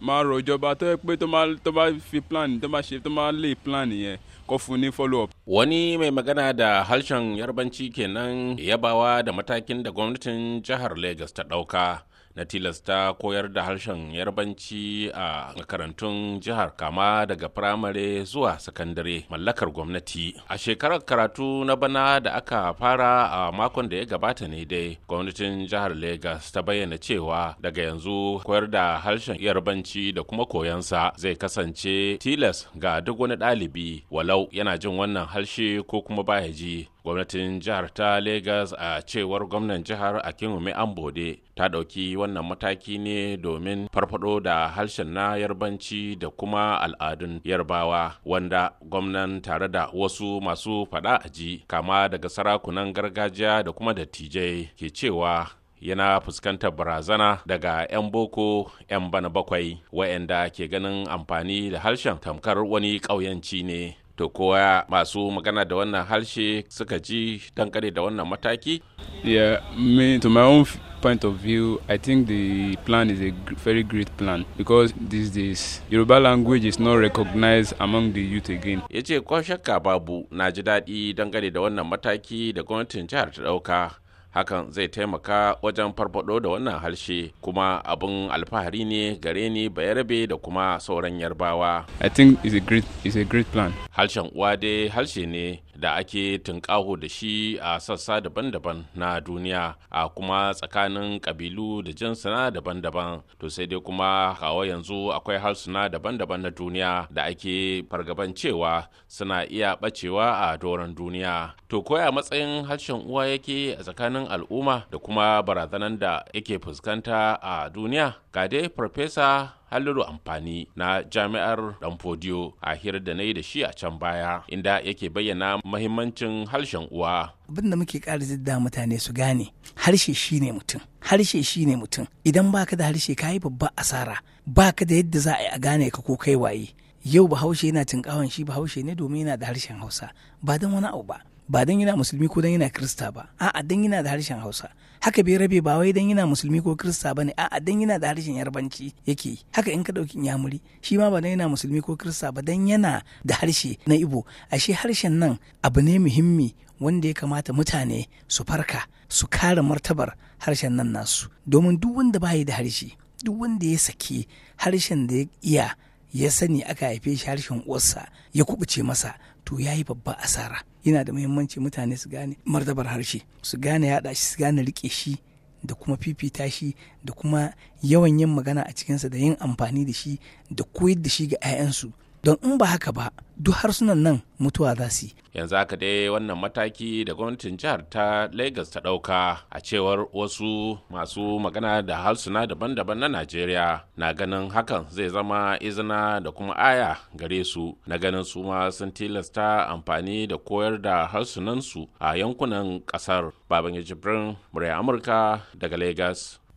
máa rọ ìjọba tó yẹ pé tó fi plan tó bá ṣe tó lè plan fún ní follow up. wani mai magana da harshen yarbanci kenan yabawa da matakin da gwamnatin jihar lagos ta ɗauka na tilasta koyar da harshen yarbanci a makarantun jihar kama daga firamare zuwa sakandare mallakar gwamnati a shekarar karatu na bana da aka fara a makon da ya gabata ne dai gwamnatin jihar lagos ta bayyana cewa daga yanzu koyar da harshen yarbanci da kuma koyansa zai kasance tilas ga duk wani ɗalibi walau yana jin wannan harshe ko kuma baya ji gwamnatin jihar ta lagos a cewar gwamnan jihar akinwumi ambode ta ɗauki wannan mataki ne domin farfado da harshen na yarbanci da kuma al'adun yarbawa wanda gwamnan tare da wasu masu faɗa ji. kama daga sarakunan gargajiya da kuma dattijai ke cewa yana fuskantar barazana daga 'yan boko 'yan bana bakwai wayanda ke ganin amfani da harshen tamkar wani ƙauyanci ne to kowa masu magana da wannan harshe suka ji dankare da wannan mataki yeah me to my own point of view, I think the plan is a very great plan because these days Yoruba language is not recognized among the youth again. Ya ce ko shakka babu na ji daɗi dangane da wannan mataki da gwamnatin jihar ta ɗauka hakan zai taimaka wajen farfado da wannan harshe kuma abun alfahari ne gare ni bayarabe da kuma sauran yarbawa i think it's a great, it's a great plan harshen uwa dai harshe ne da ake tunƙaho da shi a sassa daban-daban na duniya a kuma tsakanin kabilu da jinsuna daban-daban to sai dai kuma kawo yanzu akwai harsuna daban-daban na duniya da ake fargaban cewa suna iya ɓacewa a doron duniya to koya matsayin harshen uwa yake a tsakanin al'umma da kuma barazanan da yake fuskanta a duniya ga dai farfesa halaru Amfani na Jami'ar podio a hirar da na yi da shi a can baya inda yake bayyana mahimmancin harshen uwa. Abin da muke ƙara zidda mutane su gane harshe shine mutum. Harshe shine mutum. Idan baka da harshe ka yi babba asara. Baka da yadda za a yi a gane ka ko kai waye. Yau Bahaushe yana tinkawan shi Bahaushe ne domin yana da harshen Hausa ba don wani abu ba. ba dan yana musulmi ko dan yana krista ba a'a dan yana da harshen hausa haka bai rabe ba wai dan yana musulmi ko krista bane a'a dan yana da harshen yarbanci yake haka in ka dauki yamuri shi ma ba dan yana musulmi ko krista ba dan yana da harshe na ibo ashe harshen nan abu ne muhimmi wanda ya kamata mutane su farka su kare martabar harshen nan nasu domin duk wanda ba da harshe duk wanda ya saki harshen da ya iya ya sani aka haife shi harshen uwarsa ya kubuce masa to ya yi babba asara yana da muhimmanci mutane su gane martabar harshe su gane yaɗa shi su gane riƙe shi da kuma fifita shi da kuma yawan yin magana a cikinsa da yin amfani da shi da koyar da shi ga 'ya'yansu don in ba haka ba duk harsunan nan mutuwa za su yi yanzu haka dai wannan mataki da gwamnatin jihar ta lagos ta ɗauka a cewar wasu masu magana da harsuna daban-daban na najeriya na ganin hakan zai zama izina da kuma aya gare su na ganin su ma sun tilasta amfani da koyar da harsunansu a yankunan kasar baban jibrin murya amurka daga lagos